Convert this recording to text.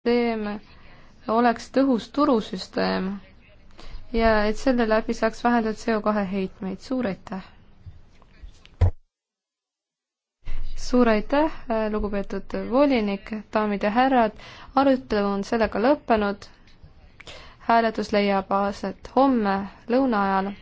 süsteem oleks tõhus turusüsteem ja et selle läbi saaks vähendada CO2 heitmeid. suur aitäh! suur aitäh, lugupeetud volinik, daamid ja härrad, arutelu on sellega lõppenud. hääletus leiab aset homme lõuna ajal